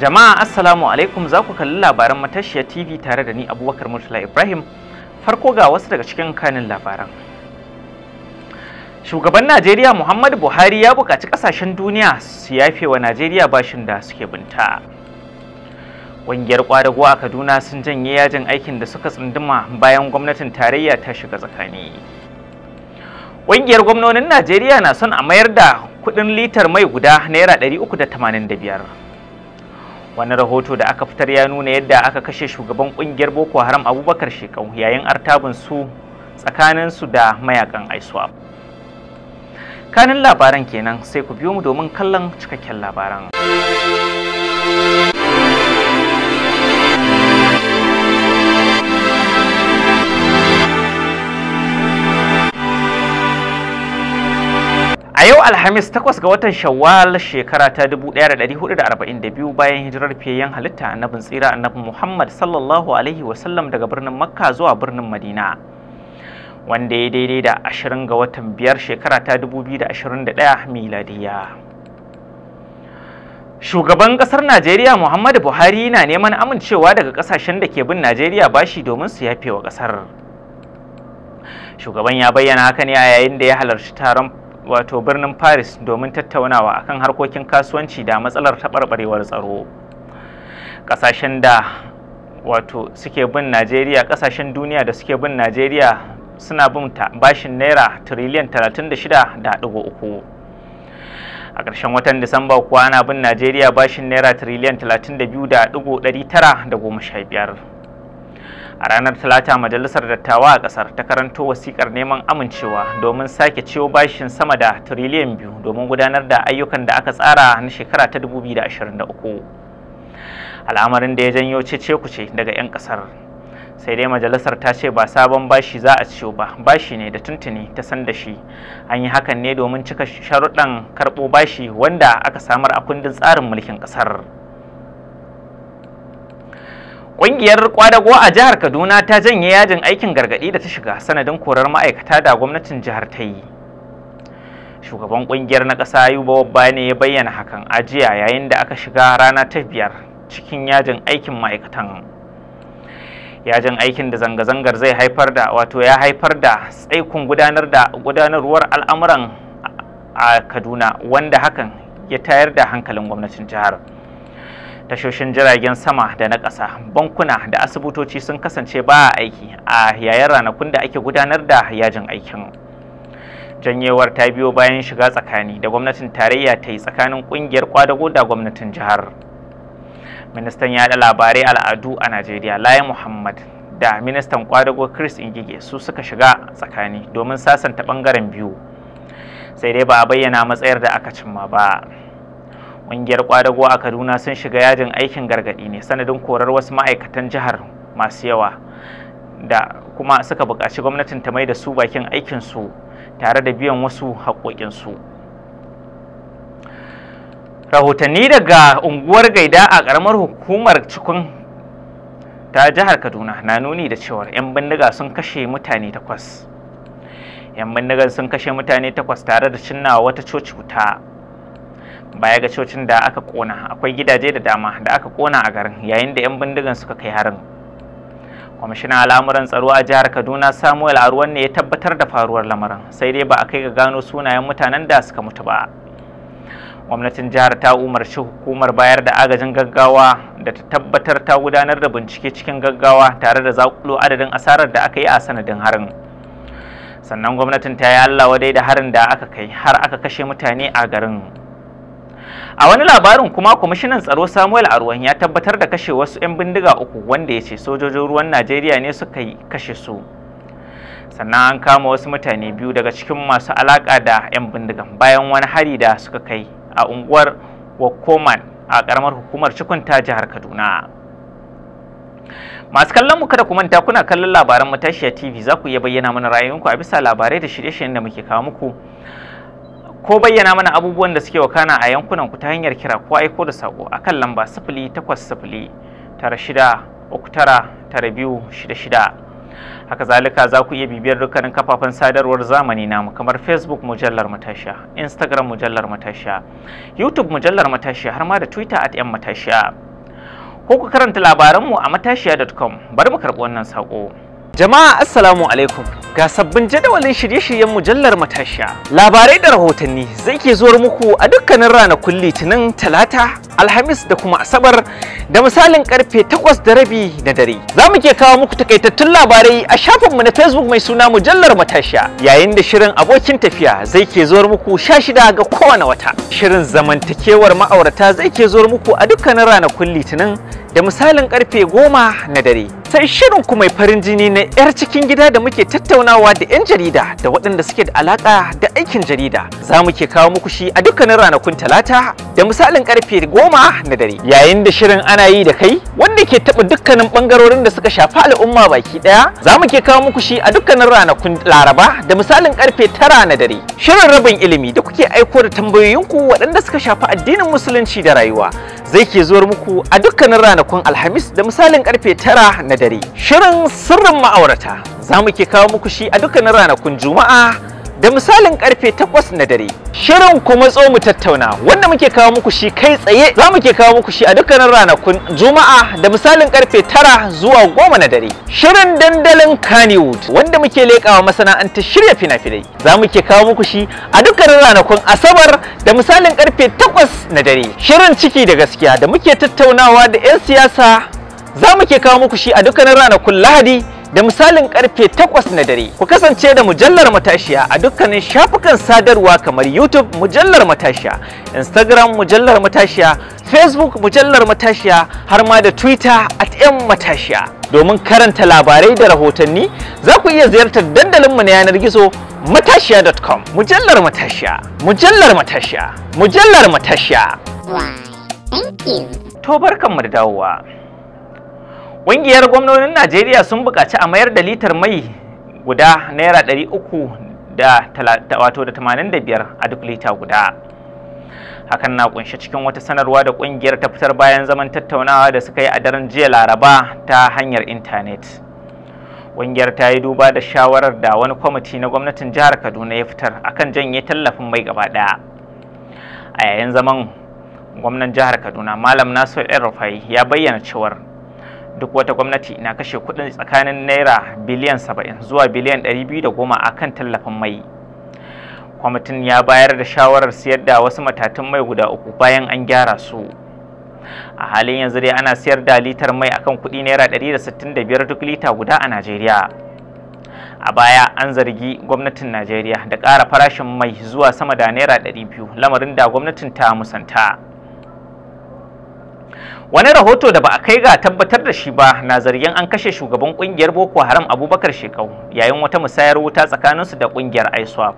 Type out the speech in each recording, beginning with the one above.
Jama'a Assalamu alaikum za ku kalli labaran matashiya TV tare da ni Abubakar Murtala Ibrahim. Farko ga wasu daga cikin kanin labaran. Shugaban Najeriya Muhammadu Buhari ya buƙaci ƙasashen duniya su yafe wa Najeriya bashin da suke binta. Ƙungiyar ƙwadago a Kaduna sun janye yajin aikin da suka tsunduma bayan gwamnatin tarayya ta shiga tsakani. Ƙungiyar gwamnonin Najeriya na son a mayar da kuɗin litar mai guda Naira 385. wani rahoto da aka fitar ya nuna yadda aka kashe shugaban kungiyar boko haram abubakar shekau yayin artabin su tsakanin su da mayakan aisuwa. kanin labaran kenan sai ku biyo mu domin kallon cikakken labaran Yau Alhamis takwas ga watan Shawwal shekara ta 1442 bayan hijirar fiyayyen halitta annabin tsira annabin Muhammad sallallahu alaihi wasallam daga birnin Makka zuwa birnin Madina. Wanda ya daidai da 20 ga watan biyar shekara ta 2021 miladiya. Shugaban ƙasar Najeriya Muhammadu Buhari na neman amincewa daga ƙasashen da ke bin Najeriya bashi domin su yafe wa ƙasar. Shugaban ya bayyana haka ne a yayin da ya halarci taron wato birnin paris domin tattaunawa akan harkokin kasuwanci da matsalar taɓarɓarewar tsaro ƙasashen da wato suke bin najeriya ƙasashen duniya da suke bin najeriya suna bin bashin naira tiriliyan 36.3 a ƙarshen watan disamba kuwa ana bin najeriya bashin naira da tiriliyan biyar a ranar talata majalisar dattawa a kasar ta karanto wasikar neman amincewa domin sake ciwo bashin sama da tiriliyan biyu domin gudanar da ayyukan da aka tsara na shekara ta 2023 al'amarin da ya janyo cece kuce daga 'yan kasar sai dai majalisar ta ce ba sabon bashi za a ciwo ba bashi ne da tuntuni ta san da shi an yi hakan ne domin cika sharuɗan karɓo bashi wanda aka samar a kundin tsarin mulkin ƙasar. Ƙungiyar ƙwadago a jihar Kaduna ta janye yajin aikin gargaɗi da ta shiga sanadin korar ma'aikata da gwamnatin jihar ta yi. Shugaban ƙungiyar na ƙasa Ayuba Wabba ne ya bayyana hakan a jiya yayin da aka shiga rana ta biyar cikin yajin aikin ma'aikatan. Yajin aikin da zanga-zangar zai haifar da wato ya haifar da tsaikun gudanar da gudanarwar al'amuran a Kaduna wanda hakan ya tayar da hankalin gwamnatin jihar. tashoshin jiragen sama da na ƙasa bankuna da asibitoci sun kasance ba a aiki a yayin ranakun da ake gudanar da yajin aikin janyewar ta biyo bayan shiga tsakani da gwamnatin tarayya ta yi tsakanin ƙungiyar kwadago da gwamnatin jihar ministan yaɗa labarai al'adu a najeriya layi muhammad da ministan kwadago chris ingige su suka shiga tsakani domin sasanta ɓangaren biyu sai dai ba a bayyana matsayar da aka cimma ba Ƙungiyar ƙwadago a Kaduna sun shiga yajin aikin gargaɗi ne sanadin korar wasu ma'aikatan jihar masu yawa da kuma suka buƙaci gwamnatin ta mai da su bakin aikinsu tare da biyan wasu haƙoƙinsu. Rahotanni daga unguwar gaida a ƙaramar hukumar cikin ta jihar Kaduna na nuni da cewar 'yan bindiga sun kashe mutane takwas. 'Yan bindigan sun kashe mutane takwas tare da cinnawa wata coci baya ga cocin da aka kona akwai gidaje da dama da aka kona a garin yayin da 'yan bindigan suka kai harin kwamishinan al'amuran tsaro a jihar kaduna samuel aruwan ne ya tabbatar da faruwar lamarin sai dai ba a kai ga gano sunayen mutanen da suka mutu ba gwamnatin jihar ta umarci hukumar bayar da agajin gaggawa da ta tabbatar ta gudanar da bincike cikin gaggawa tare da zakulo adadin asarar da aka yi a sanadin harin sannan gwamnatin ta yi allah dai da harin da aka kai har aka kashe mutane a garin a wani labarin kuma kwamishinan tsaro samuel arwan ya tabbatar da kashe wasu 'yan bindiga uku wanda ya ce sojojin ruwan najeriya ne suka yi kashe su sannan an kama wasu mutane biyu daga cikin masu alaƙa da 'yan bindigan bayan wani hari da suka kai a unguwar wakoman a karamar hukumar cikunta jihar kaduna masu kallon mu kada ku manta kuna kallon labaran matashiya tv za ku iya bayyana mana ra'ayoyinku a bisa labarai da shirye-shiryen da muke kawo muku ko bayyana mana abubuwan da suke wakana a yankunan ku ta hanyar kira ko aiko da sako akan lamba sifili takwas sifili tara shida uku tara tara biyu shida shida haka zalika za ku iya bibiyar dukkanin kafafen sadarwar zamani namu kamar facebook mujallar matashiya instagram mujallar matashiya youtube mujallar matashiya har ma da twitter at yan matashiya ko ku karanta labaranmu a matashiya.com bari mu karɓi wannan sako jama'a assalamu alaikum ga sabbin jadawalin shirye-shiryen mujallar matashiya labarai da rahotanni zai ke zuwar muku a dukkanin ranakun litinin talata alhamis da kuma asabar da misalin karfe takwas da rabi na dare za mu ke kawo muku takaitattun labarai a shafinmu na facebook mai suna mujallar matashiya yayin da shirin abokin tafiya zai ke zuwar muku sha shida ga kowane wata shirin zamantakewar ma'aurata zai ke zuwar muku a dukkanin ranakun litinin da misalin karfe goma na dare sai shirin ku mai farin jini na 'yar cikin gida da muke tattaunawa da 'yan jarida da waɗanda suke da alaƙa da aikin jarida za mu ke kawo muku shi a dukkanin ranakun talata da misalin karfe goma goma na dare yayin da shirin ana yi da kai wanda ke taɓa dukkanin ɓangarorin da suka shafi al'umma baki ɗaya za mu ke kawo muku shi a dukkanin ranakun laraba da misalin karfe tara na dare shirin rabin ilimi da kuke aiko da tambayoyinku waɗanda suka shafi addinin musulunci da rayuwa zai ke zuwar muku a dukkanin ranakun alhamis da misalin karfe tara na dare shirin sirrin ma'aurata za mu ke kawo muku shi a dukkanin ranakun juma'a da misalin karfe 8 na dare shirin kuma matso mu tattauna wanda muke kawo muku shi kai tsaye za mu ke kawo muku shi a dukkanin ranakun juma'a da misalin karfe 9 zuwa 10 na dare shirin dandalin Kannywood wanda muke wa masana'antar shirya fina-finai za mu ke kawo muku shi a dukkanin ranakun asabar da misalin karfe 8 na dare shirin ciki da gaskiya da muke tattaunawa da 'yan siyasa za mu ke kawo muku shi a dukkanin ranakun lahadi da misalin karfe 8 na dare. Ku kasance da mujallar matashiya a dukkanin shafukan sadarwa kamar YouTube mujallar matashiya, Instagram mujallar matashiya, Facebook mujallar matashiya har ma da Twitter at M matashiya. Domin karanta labarai da rahotanni za ku iya ziyartar dandalinmu na yanar gizo matashiya.com mujallar matashiya mujallar matashiya mujallar matashiya. Wow, thank you. To barkanmu da dawowa. Ƙungiyar gwamnonin Najeriya sun buƙaci a mayar da litar mai guda naira ɗari uku da wato da tamanin da biyar a duk lita guda. Hakan na kunshi cikin wata sanarwa da ƙungiyar ta fitar bayan zaman tattaunawa da suka yi a daren jiya Laraba ta hanyar intanet. Ƙungiyar ta yi duba da shawarar da wani kwamiti na gwamnatin jihar Kaduna ya fitar akan janye tallafin mai gaba ɗaya. A yayin zaman gwamnan jihar Kaduna Malam Nasiru El Rufai ya bayyana cewar duk wata gwamnati na kashe kuɗin tsakanin naira biliyan 70 zuwa biliyan 210 a kan tallafin mai kwamitin ya bayar da shawarar siyar da wasu matatun mai guda uku bayan an gyara su a halin yanzu dai ana siyar da litar mai akan kuɗi naira 165 duk lita guda a najeriya a baya an zargi gwamnatin najeriya da ƙara farashin mai zuwa sama da naira 200 lamarin da gwamnatin ta musanta wani rahoto da ba a kai ga tabbatar da shi ba na zargin an kashe shugaban kungiyar boko haram abubakar shekau yayin wata musayar wuta tsakaninsu da kungiyar iswap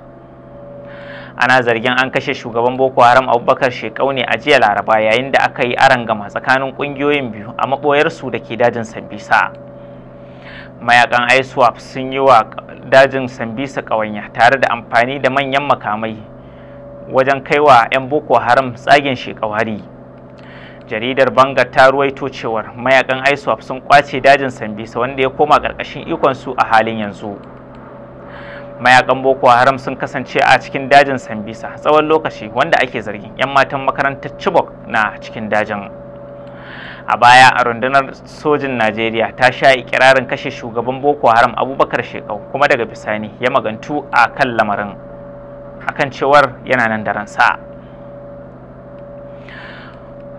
ana zargin an kashe shugaban boko haram abubakar shekau ne a jiya laraba yayin da aka yi gama tsakanin kungiyoyin biyu a maboyarsu da ke dajin sambisa mayakan iswap sun yi wa dajin sambisa ƙawanya tare da amfani da manyan makamai wajen kai wa 'yan boko haram tsagen shekau hari jaridar bangar ta ruwaito cewar mayakan iswap sun kwace dajin sambisa wanda ya koma ƙarƙashin ikon su a halin yanzu mayakan boko haram sun kasance a cikin dajin sambisa tsawon lokaci wanda ake zargin 'yan matan makarantar chibok na cikin dajin a baya a rundunar sojin najeriya ta sha ikirarin kashe shugaban boko haram abubakar shekau kuma daga bisani ya magantu a kan lamarin akan cewar yana nan da ransa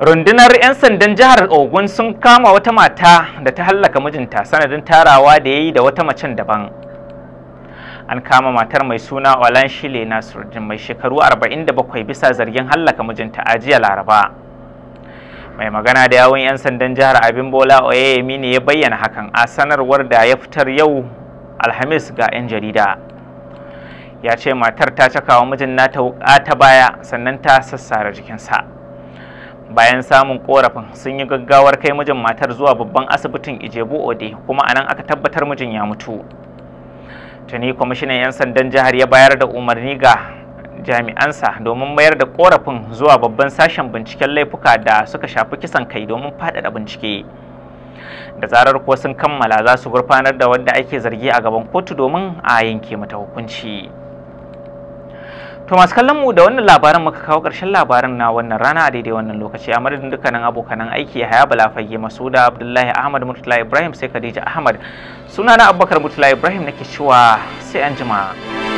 rundunar 'yan sandan jihar ogun sun kama wata mata da ta hallaka mijinta sanadin tarawa da ya yi da wata macen daban an kama matar mai suna olan shile nasruddin mai shekaru 47 bisa zargin hallaka mijinta a jiya laraba mai magana da yawon 'yan sandan jihar abin bola oyeyemi ne ya bayyana hakan a sanarwar da ya fitar yau alhamis ga 'yan jarida ya ce matar ta cakawa mijin nata wuka ta baya sannan ta sassara jikinsa bayan samun korafin sun yi gaggawar kai mijin matar zuwa babban asibitin ijebu ode kuma a nan aka tabbatar mijin ya mutu tuni kwamishinan 'yan sandan jihar ya bayar da umarni ga jami'ansa domin mayar da korafin zuwa babban sashen binciken laifuka da suka shafi kisan kai domin faɗaɗa bincike da zarar kuwa sun kammala za su gurfanar da wanda ake zargi a gaban kotu domin a yanke mata hukunci. To masu kallon mu da wannan labaran muka kawo ƙarshen labaran na wannan rana a daidai wannan lokaci a madadin dukkanin abokanan aiki Haya fage Masuda Abdullahi Ahmad Murtala Ibrahim sai Khadija Ahmad sunana Abubakar Murtala Ibrahim nake cewa sai an jima.